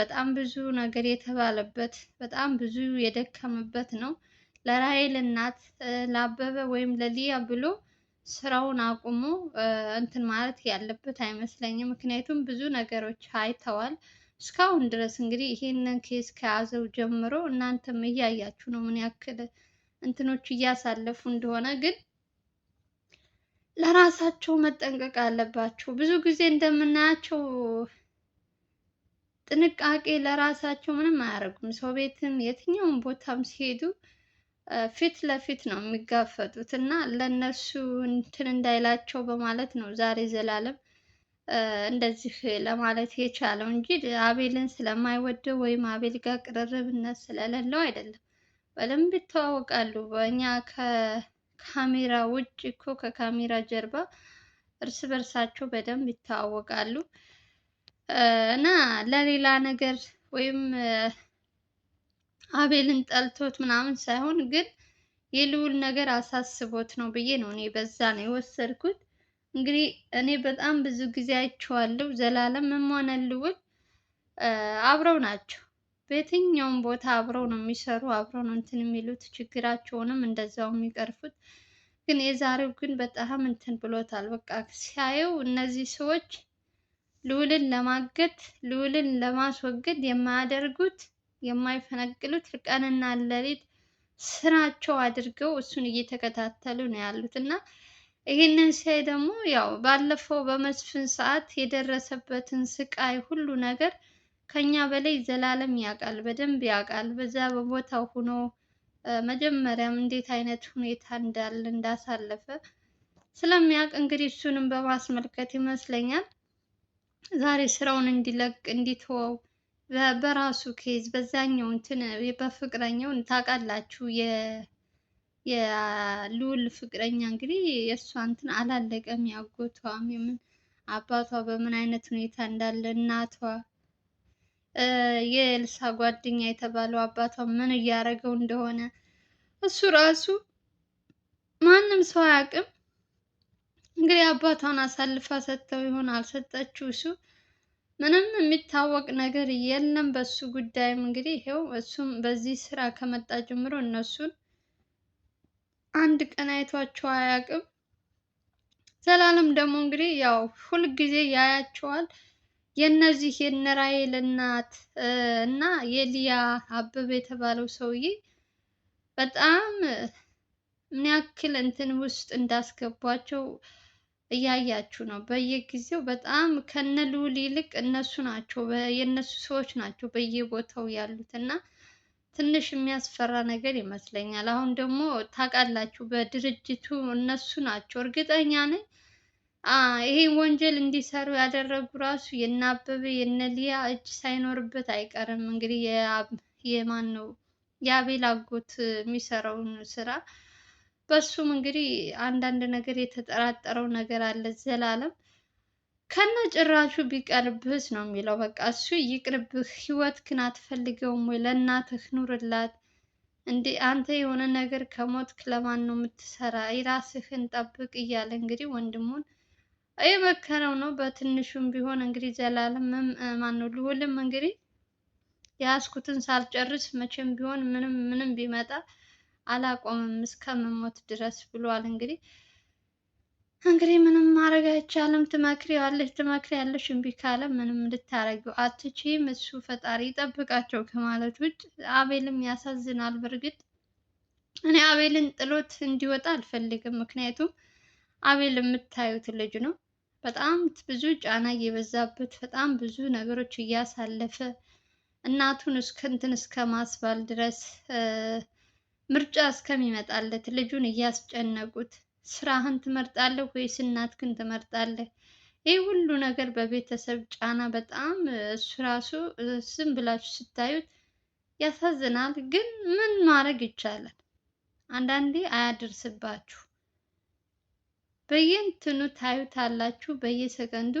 በጣም ብዙ ነገር የተባለበት በጣም ብዙ የደከመበት ነው። ለራሔል እናት ለአበበ ወይም ለሊያ ብሎ ስራውን አቁሞ እንትን ማለት ያለበት አይመስለኝም። ምክንያቱም ብዙ ነገሮች አይተዋል እስካሁን ድረስ እንግዲህ ይሄንን ኬስ ከያዘው ጀምሮ እናንተም እያያችሁ ነው ምን ያክል እንትኖች እያሳለፉ እንደሆነ ግን ለራሳቸው መጠንቀቅ አለባቸው። ብዙ ጊዜ እንደምናያቸው ጥንቃቄ ለራሳቸው ምንም አያደርጉም። ሰው ቤትም የትኛውም ቦታም ሲሄዱ ፊት ለፊት ነው የሚጋፈጡት እና ለነሱ እንትን እንዳይላቸው በማለት ነው ዛሬ ዘላለም እንደዚህ ለማለት የቻለው እንጂ አቤልን ስለማይወደው ወይም አቤል ጋር ቅርርብነት ስለሌለው አይደለም። በደንብ ይተዋወቃሉ። በእኛ ከካሜራ ውጭ እኮ ከካሜራ ጀርባ እርስ በርሳቸው በደንብ ይተዋወቃሉ። እና ለሌላ ነገር ወይም አቤልን ጠልቶት ምናምን ሳይሆን ግን የልዑል ነገር አሳስቦት ነው ብዬ ነው እኔ በዛ ነው የወሰድኩት። እንግዲህ እኔ በጣም ብዙ ጊዜ አይቼዋለሁ። ዘላለም መሟነ ልዑል አብረው ናቸው። በየትኛውም ቦታ አብረው ነው የሚሰሩ፣ አብረው ነው እንትን የሚሉት፣ ችግራቸውንም እንደዛው የሚቀርፉት። ግን የዛሬው ግን በጣም እንትን ብሎታል። በቃ ሲያየው እነዚህ ሰዎች ልዑልን ለማገት ልዑልን ለማስወገድ የማያደርጉት የማይፈነቅሉት ቀንና ሌሊት ስራቸው አድርገው እሱን እየተከታተሉ ነው ያሉት እና ይህንን ሲያይ ደግሞ ያው ባለፈው በመስፍን ሰዓት የደረሰበትን ስቃይ ሁሉ ነገር ከኛ በላይ ዘላለም ያውቃል፣ በደንብ ያውቃል። በዛ በቦታው ሆኖ መጀመሪያም እንዴት አይነት ሁኔታ እንዳለ እንዳሳለፈ ስለሚያውቅ እንግዲህ እሱንም በማስመልከት ይመስለኛል ዛሬ ስራውን እንዲለቅ እንዲተወው በራሱ ኬዝ በዛኛው እንትን በፍቅረኛውን ታውቃላችሁ። የልዑል ፍቅረኛ እንግዲህ የእሷ እንትን አላለቀም። ያጎቷም የምን አባቷ በምን አይነት ሁኔታ እንዳለ እናቷ፣ የኤልሳ ጓደኛ የተባለው አባቷ ምን እያደረገው እንደሆነ እሱ ራሱ ማንም ሰው አያውቅም። እንግዲህ አባቷን አሳልፋ ሰጥተው ይሆን አልሰጠችው እሱ ምንም የሚታወቅ ነገር የለም። በሱ ጉዳይም እንግዲህ ይኸው እሱም በዚህ ስራ ከመጣ ጀምሮ እነሱን አንድ ቀን አይቷቸው አያውቅም። ዘላለም ደግሞ እንግዲህ ያው ሁልጊዜ ያያቸዋል። የእነዚህ የነራይል እናት እና የሊያ አበበ የተባለው ሰውዬ በጣም ምን ያክል እንትን ውስጥ እንዳስገቧቸው እያያችሁ ነው። በየጊዜው በጣም ከነ ልዑል ይልቅ እነሱ ናቸው የእነሱ ሰዎች ናቸው በየቦታው ያሉት እና ትንሽ የሚያስፈራ ነገር ይመስለኛል። አሁን ደግሞ ታውቃላችሁ፣ በድርጅቱ እነሱ ናቸው እርግጠኛ ነኝ። ይሄ ወንጀል እንዲሰሩ ያደረጉ ራሱ የነ አበበ የነ ሊያ እጅ ሳይኖርበት አይቀርም። እንግዲህ የማን ነው የአቤል አጎት የሚሰራውን ስራ በሱም እንግዲህ አንዳንድ ነገር የተጠራጠረው ነገር አለ። ዘላለም ከነ ጭራሹ ቢቀርብህስ ነው የሚለው። በቃ እሱ ይቅርብህ፣ ህይወትህን አትፈልገውም ወይ? ለእናትህ ኑርላት እንዴ አንተ የሆነ ነገር ከሞትክ ለማን ነው የምትሰራ? የራስህን ጠብቅ እያለ እንግዲህ ወንድሙን እየመከረው ነው። በትንሹም ቢሆን እንግዲህ ዘላለምም ማነው ልዑልም እንግዲህ ያስኩትን ሳልጨርስ መቼም ቢሆን ምንም ምንም ቢመጣ አላቆምም እስከምሞት ድረስ ብሏል። እንግዲህ እንግዲህ ምንም ማድረግ አይቻልም። ትመክሪዋለሽ ትመክሪያለሽ፣ እምቢ ካለ ምንም ልታረጊው አትችይም። እሱ ፈጣሪ ይጠብቃቸው ከማለት ውጭ አቤልም ያሳዝናል። በእርግጥ እኔ አቤልን ጥሎት እንዲወጣ አልፈልግም። ምክንያቱም አቤል የምታዩት ልጅ ነው። በጣም ብዙ ጫና እየበዛበት በጣም ብዙ ነገሮች እያሳለፈ እናቱን እስከ እንትን እስከ ማስባል ድረስ ምርጫ እስከሚመጣለት ልጁን እያስጨነቁት ስራህን ትመርጣለህ ወይስ እናትህን ትመርጣለህ? ይህ ሁሉ ነገር በቤተሰብ ጫና በጣም እሱ ራሱ ዝም ብላችሁ ስታዩት ያሳዝናል። ግን ምን ማድረግ ይቻላል? አንዳንዴ አያደርስባችሁ። በየእንትኑ ታዩታላችሁ፣ በየሰከንዱ።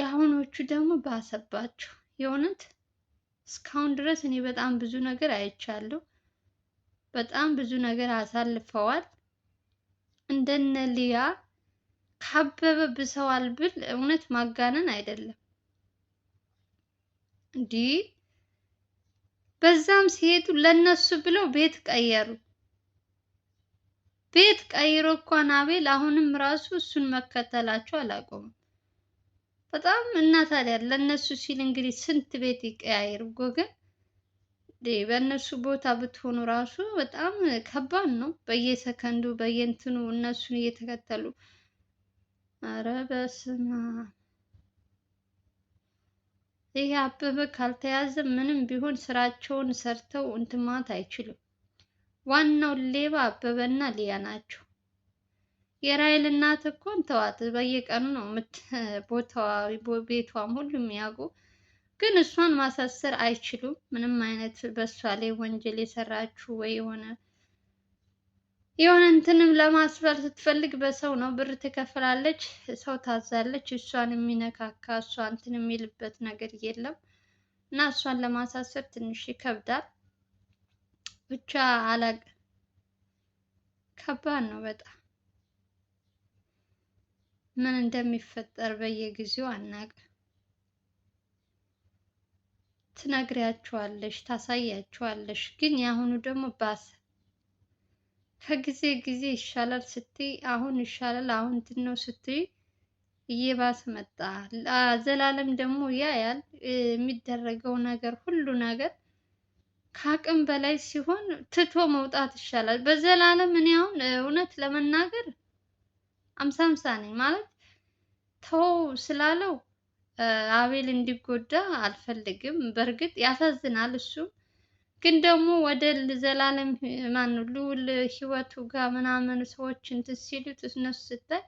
የአሁኖቹ ደግሞ ባሰባችሁ። የእውነት እስካሁን ድረስ እኔ በጣም ብዙ ነገር አይቻለሁ። በጣም ብዙ ነገር አሳልፈዋል። እንደነ ሊያ ካበበ ብሰዋል ብል እውነት ማጋነን አይደለም። እንዲህ በዛም ሲሄዱ ለነሱ ብለው ቤት ቀየሩ። ቤት ቀይሮ እንኳን አቤል አሁንም ራሱ እሱን መከተላቸው አላቆሙም። በጣም እና ታዲያ ሲል እንግዲህ ስንት ቤት ይቀያየር ጎገን በእነሱ ቦታ ብትሆኑ ራሱ በጣም ከባድ ነው። በየሰከንዱ በየእንትኑ እነሱን እየተከተሉ አረ በስመ አብ አበበ ካልተያዘ ምንም ቢሆን ስራቸውን ሰርተው እንትን ማለት አይችልም። ዋናው ሌባ አበበና ሊያ ናቸው። የራይል እናት እኮ እንተዋት በየቀኑ ነው ቦታዋ ቤቷም ሁሉም ያውቁ ግን እሷን ማሳሰር አይችሉም። ምንም አይነት በእሷ ላይ ወንጀል የሰራችሁ ወይ የሆነ የሆነ እንትንም ለማስባል ስትፈልግ በሰው ነው ብር ትከፍላለች፣ ሰው ታዛለች። እሷን የሚነካካ እሷ እንትን የሚልበት ነገር የለም እና እሷን ለማሳሰር ትንሽ ይከብዳል። ብቻ አላቅ ከባድ ነው በጣም ምን እንደሚፈጠር በየጊዜው አናውቅም። ትነግሪያቸዋለሽ፣ ታሳያቸዋለሽ። ግን የአሁኑ ደግሞ ባሰ። ከጊዜ ጊዜ ይሻላል ስትይ፣ አሁን ይሻላል አሁን እንትን ነው ስትይ እየባሰ መጣ። ዘላለም ደግሞ ያያል የሚደረገው ነገር ሁሉ ነገር ከአቅም በላይ ሲሆን ትቶ መውጣት ይሻላል። በዘላለም እኔ አሁን እውነት ለመናገር አምሳ አምሳ ነኝ ማለት ተው ስላለው አቤል እንዲጎዳ አልፈልግም። በእርግጥ ያሳዝናል እሱም ግን ደግሞ ወደ ዘላለም ማን ህይወቱ ጋር ምናምን ሰዎች እንትን ሲሉት እነሱ ስታይ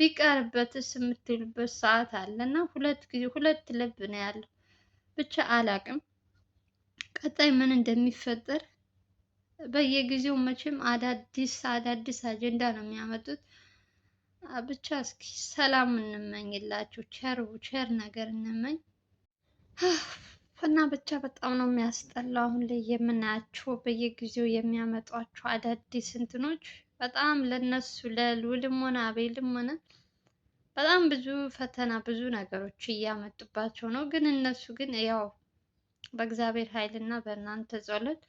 ቢቀርበትስ የምትሉበት ሰዓት አለ እና ሁለት ጊዜ ሁለት ልብ ነው ያለው። ብቻ አላቅም ቀጣይ ምን እንደሚፈጠር በየጊዜው መቼም አዳዲስ አዳዲስ አጀንዳ ነው የሚያመጡት። ብቻ እስኪ ሰላም እንመኝላችሁ። ቸር ቸር ነገር እንመኝ እና ብቻ በጣም ነው የሚያስጠላው። አሁን ላይ የምናያቸው በየጊዜው የሚያመጧቸው አዳዲስ እንትኖች በጣም ለነሱ ለልውልም ሆነ አቤልም ሆነ በጣም ብዙ ፈተና ብዙ ነገሮች እያመጡባቸው ነው። ግን እነሱ ግን ያው በእግዚአብሔር ኃይል እና በእናንተ ጸሎት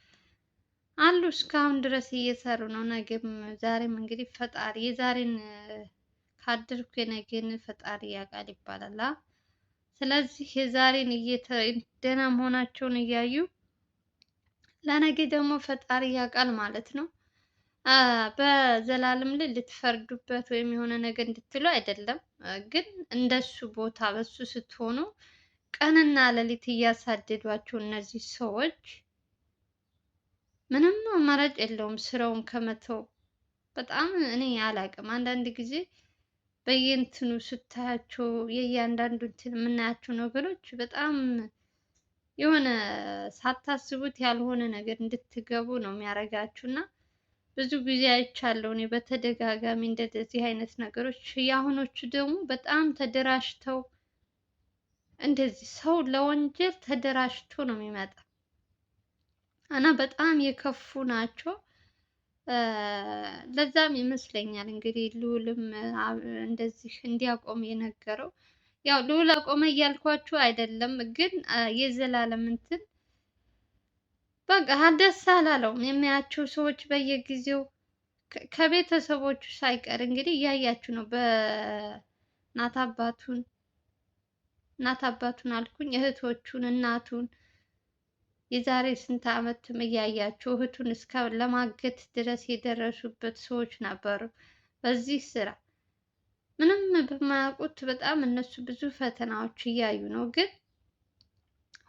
አሉ እስካሁን ድረስ እየሰሩ ነው። ነገም ዛሬም እንግዲህ ፈጣሪ የዛሬን ካደርኩ የነገን ፈጣሪ ያውቃል ይባላል። ስለዚህ የዛሬን ደህና መሆናቸውን እያዩ ለነገ ደግሞ ፈጣሪ ያውቃል ማለት ነው። በዘላለም ላይ ልትፈርዱበት ወይም የሆነ ነገር እንድትሉ አይደለም፣ ግን እንደሱ ቦታ በሱ ስትሆኑ ቀንና ሌሊት እያሳደዷቸው እነዚህ ሰዎች ምንም አማራጭ የለውም ስራውን ከመተው። በጣም እኔ አላቅም አንዳንድ ጊዜ በየእንትኑ ስታያቸው የእያንዳንዱ እንትን የምናያቸው ነገሮች በጣም የሆነ ሳታስቡት ያልሆነ ነገር እንድትገቡ ነው የሚያደርጋችሁ እና ብዙ ጊዜ አይቻለሁ እኔ በተደጋጋሚ እንደዚህ አይነት ነገሮች። የአሁኖቹ ደግሞ በጣም ተደራጅተው እንደዚህ ሰው ለወንጀል ተደራጅቶ ነው የሚመጣ እና በጣም የከፉ ናቸው። ለዛም ይመስለኛል እንግዲህ ልዑልም እንደዚህ እንዲያቆም የነገረው። ያው ልዑል አቆመ እያልኳችሁ አይደለም፣ ግን የዘላለም እንትን በቃ ደስ አላለውም። የሚያያቸው ሰዎች በየጊዜው ከቤተሰቦቹ ሳይቀር እንግዲህ እያያችሁ ነው። በእናት አባቱን እናት አባቱን አልኩኝ እህቶቹን እናቱን የዛሬ ስንት ዓመትም እያያችሁ እህቱን እስከ ለማገት ድረስ የደረሱበት ሰዎች ነበሩ። በዚህ ስራ ምንም በማያውቁት በጣም እነሱ ብዙ ፈተናዎች እያዩ ነው። ግን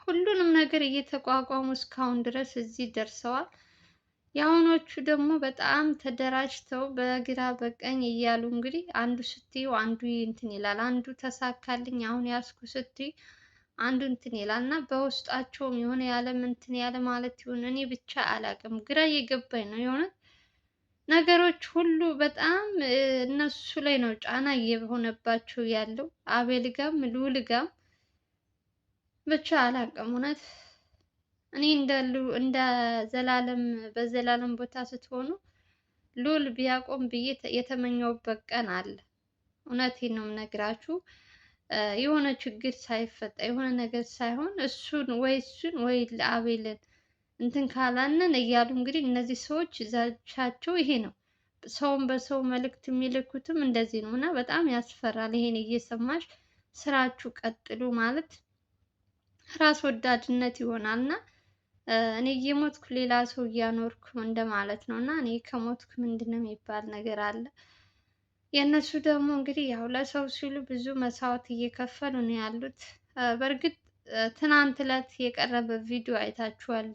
ሁሉንም ነገር እየተቋቋሙ እስካሁን ድረስ እዚህ ደርሰዋል። የአሁኖቹ ደግሞ በጣም ተደራጅተው በግራ በቀኝ እያሉ እንግዲህ አንዱ ስትዩ አንዱ እንትን ይላል፣ አንዱ ተሳካልኝ አሁን ያስኩ ስትዩ አንዱ እንትን ይላል እና በውስጣቸውም የሆነ ያለም እንትን ያለ ማለት ይሁን እኔ ብቻ አላቅም ግራ እየገባኝ ነው የሆነ ነገሮች ሁሉ በጣም እነሱ ላይ ነው ጫና እየሆነባቸው ያለው። አቤል ጋም ልዑል ጋም ብቻ አላቅም እውነት እኔ እንደ ዘላለም በዘላለም ቦታ ስትሆኑ ሉል ቢያቆም ብዬ የተመኘውበት ቀን አለ። እውነቴን ነው የምነግራችሁ። የሆነ ችግር ሳይፈጣ የሆነ ነገር ሳይሆን እሱን ወይ እሱን ወይ አቤልን እንትን ካላነን እያሉ እንግዲህ እነዚህ ሰዎች ዛቻቸው ይሄ ነው። ሰውን በሰው መልእክት የሚልኩትም እንደዚህ ነው እና በጣም ያስፈራል። ይሄን እየሰማሽ ስራችሁ ቀጥሉ ማለት ራስ ወዳድነት ይሆናል እና እኔ እየሞትኩ ሌላ ሰው እያኖርኩ እንደማለት ነው እና እኔ ከሞትኩ ምንድን ነው የሚባል ነገር አለ። የእነሱ ደግሞ እንግዲህ ያው ለሰው ሲሉ ብዙ መስዋዕት እየከፈሉ ነው ያሉት። በእርግጥ ትናንት ዕለት የቀረበ ቪዲዮ አይታችኋል።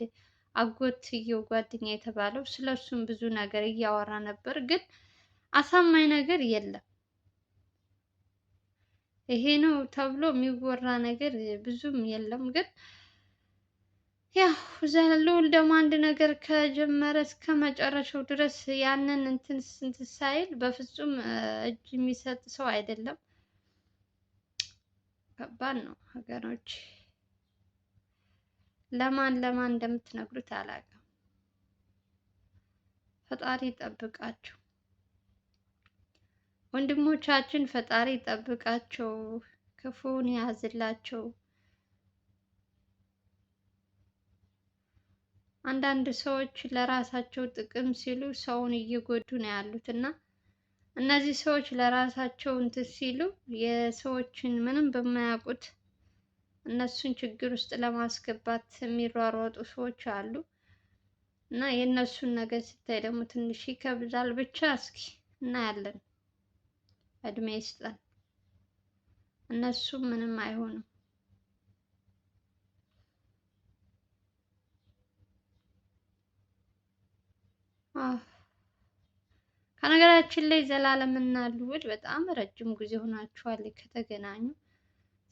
አጎትየው ጓደኛ የተባለው ስለሱም ብዙ ነገር እያወራ ነበር፣ ግን አሳማኝ ነገር የለም። ይሄ ነው ተብሎ የሚወራ ነገር ብዙም የለም ግን ያው ልዑል ደግሞ አንድ ነገር ከጀመረ እስከ መጨረሻው ድረስ ያንን እንትን እንትን ሳይል በፍጹም እጅ የሚሰጥ ሰው አይደለም። ከባድ ነው ሀገሮች። ለማን ለማን እንደምትነግሩት አላውቅም። ፈጣሪ ጠብቃቸው? ወንድሞቻችን፣ ፈጣሪ ይጠብቃቸው፣ ክፉን ያዝላቸው። አንዳንድ ሰዎች ለራሳቸው ጥቅም ሲሉ ሰውን እየጎዱ ነው ያሉት እና እነዚህ ሰዎች ለራሳቸው እንትን ሲሉ የሰዎችን ምንም በማያውቁት እነሱን ችግር ውስጥ ለማስገባት የሚሯሯጡ ሰዎች አሉ እና የእነሱን ነገር ስታይ ደግሞ ትንሽ ይከብዳል። ብቻ እስኪ እናያለን። እድሜ ይስጠን። እነሱም ምንም አይሆኑም። ከነገራችን ላይ ዘላለምና ልዑል በጣም ረጅም ጊዜ ሆናችኋል ከተገናኙ።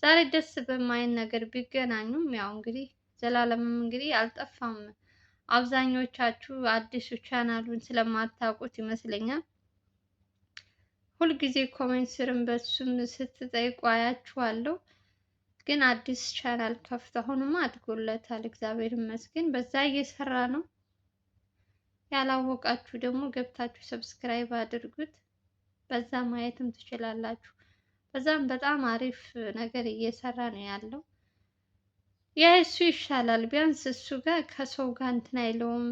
ዛሬ ደስ በማይን ነገር ቢገናኙም ያው እንግዲህ ዘላለምም እንግዲህ አልጠፋም። አብዛኞቻችሁ አዲሱ ቻናሉን ስለማታውቁት ይመስለኛል ሁልጊዜ ኮሜንት ስርም በሱም ስትጠይቁ አያችኋለሁ። ግን አዲስ ቻናል ከፍቶ አሁንማ አድጎለታል፣ እግዚአብሔር ይመስገን በዛ እየሰራ ነው። ያላወቃችሁ ደግሞ ገብታችሁ ሰብስክራይብ አድርጉት። በዛ ማየትም ትችላላችሁ። በዛም በጣም አሪፍ ነገር እየሰራ ነው ያለው። ያ እሱ ይሻላል። ቢያንስ እሱ ጋር ከሰው ጋር እንትን አይለውም።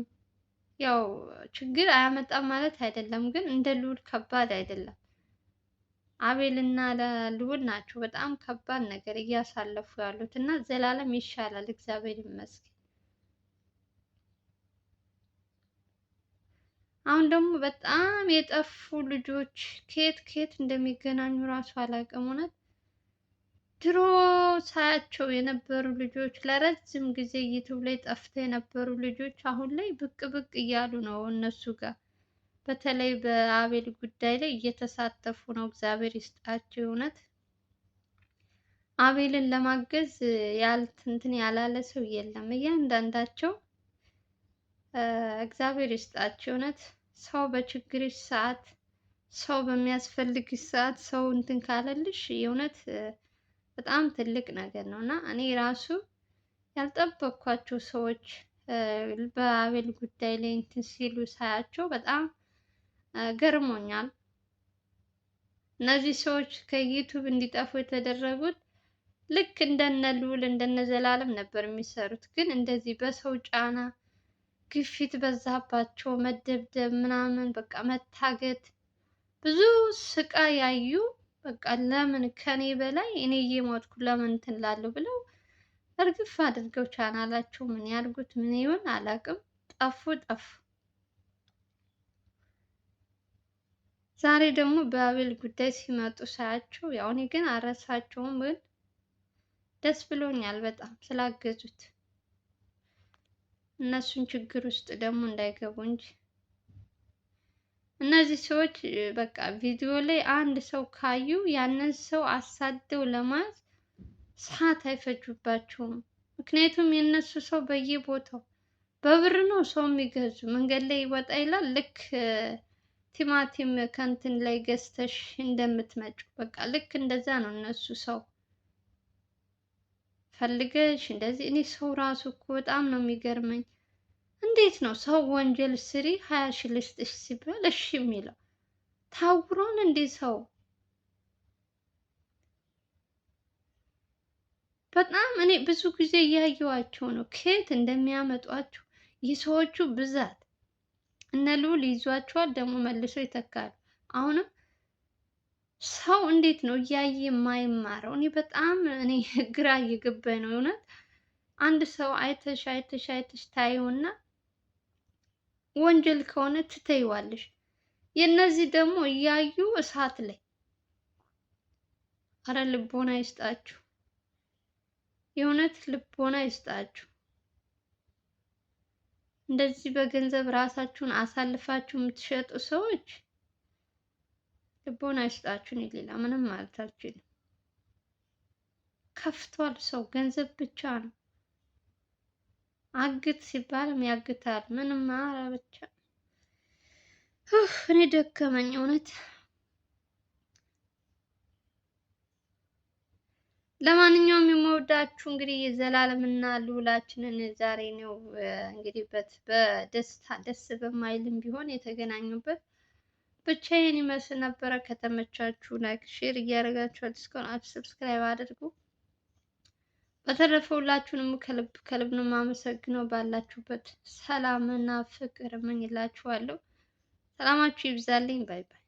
ያው ችግር አያመጣም ማለት አይደለም፣ ግን እንደ ልዑል ከባድ አይደለም። አቤል እና ልዑል ናቸው በጣም ከባድ ነገር እያሳለፉ ያሉት እና ዘላለም ይሻላል። እግዚአብሔር ይመስገን። አሁን ደግሞ በጣም የጠፉ ልጆች ከየት ከየት እንደሚገናኙ ራሱ አላውቅም። እውነት ድሮ ሳያቸው የነበሩ ልጆች ለረጅም ጊዜ ዩቱብ ላይ ጠፍተው የነበሩ ልጆች አሁን ላይ ብቅ ብቅ እያሉ ነው። እነሱ ጋር በተለይ በአቤል ጉዳይ ላይ እየተሳተፉ ነው። እግዚአብሔር ይስጣቸው። እውነት አቤልን ለማገዝ ያልትንትን ያላለ ሰው የለም። እያንዳንዳቸው እግዚአብሔር ይስጣችሁ። እውነት ሰው በችግርሽ ሰዓት፣ ሰው በሚያስፈልግሽ ሰዓት ሰው እንትን ካለልሽ የእውነት በጣም ትልቅ ነገር ነው እና እኔ ራሱ ያልጠበቅኳቸው ሰዎች በአቤል ጉዳይ ላይ እንትን ሲሉ ሳያቸው በጣም ገርሞኛል። እነዚህ ሰዎች ከዩቱብ እንዲጠፉ የተደረጉት ልክ እንደነ ልዑል እንደነ ዘላለም ነበር የሚሰሩት፣ ግን እንደዚህ በሰው ጫና ግፊት በዛባቸው፣ መደብደብ ምናምን በቃ መታገት፣ ብዙ ስቃይ ያዩ በቃ ለምን ከኔ በላይ እኔ እየሞትኩ ለምን ትላለሁ ብለው እርግፍ አድርገው ቻናላቸው ምን ያድርጉት ምን ይሁን አላውቅም። ጠፉ ጠፉ። ዛሬ ደግሞ በአቤል ጉዳይ ሲመጡ ሳያቸው ያው እኔ ግን አረሳቸውም፣ ግን ደስ ብሎኛል በጣም ስላገዙት። እነሱን ችግር ውስጥ ደግሞ እንዳይገቡ እንጂ እነዚህ ሰዎች በቃ ቪዲዮ ላይ አንድ ሰው ካዩ ያንን ሰው አሳደው ለማዝ ሰዓት አይፈጁባቸውም። ምክንያቱም የእነሱ ሰው በየቦታው በብር ነው ሰው የሚገዙ። መንገድ ላይ ይወጣ ይላል። ልክ ቲማቲም ከንትን ላይ ገዝተሽ እንደምትመጪው በቃ ልክ እንደዛ ነው እነሱ ሰው ፈልገሽ እንደዚህ። እኔ ሰው ራሱ እኮ በጣም ነው የሚገርመኝ። እንዴት ነው ሰው ወንጀል ስሪ ሀያ ሺ ልስጥሽ ሲባል እሺ የሚለው? ታውሮን እንዴ ሰው በጣም እኔ ብዙ ጊዜ እያየዋቸው ነው ከየት እንደሚያመጧቸው የሰዎቹ ብዛት። እነ ልዑል ይዟቸዋል ደግሞ መልሰው ይተካሉ። አሁንም ሰው እንዴት ነው እያየ የማይማረው? እኔ በጣም እኔ ግራ እየገባኝ ነው እውነት። አንድ ሰው አይተሽ አይተሽ አይተሽ ታየውና ወንጀል ከሆነ ትተይዋለሽ። የእነዚህ ደግሞ እያዩ እሳት ላይ አረ ልቦና ይስጣችሁ፣ የእውነት ልቦና ይስጣችሁ። እንደዚህ በገንዘብ ራሳችሁን አሳልፋችሁ የምትሸጡ ሰዎች ልቦና አይስጣችሁን። ሌላ ምንም ማለት አልችልም። ከፍቷል። ሰው ገንዘብ ብቻ ነው። አግት ሲባልም ያግታል። ምንም አረ ብቻ እኔ ደከመኝ እውነት። ለማንኛውም የምወዳችሁ እንግዲህ የዘላለም እና ልውላችንን ዛሬ ነው እንግዲህ በት በደስታ ደስ በማይልም ቢሆን የተገናኙበት ብቻዬን ይመስል ነበረ። ከተመቻችሁ ላይክ፣ ሼር እያደረጋችሁ አዲስ ከሆናችሁ ሰብስክራይብ አድርጉ። በተረፈ ሁላችሁንም ከልብ ከልብ ነው የማመሰግነው። ባላችሁበት ሰላምና ፍቅር እመኝላችኋለሁ። ሰላማችሁ ይብዛልኝ። ባይ ባይ።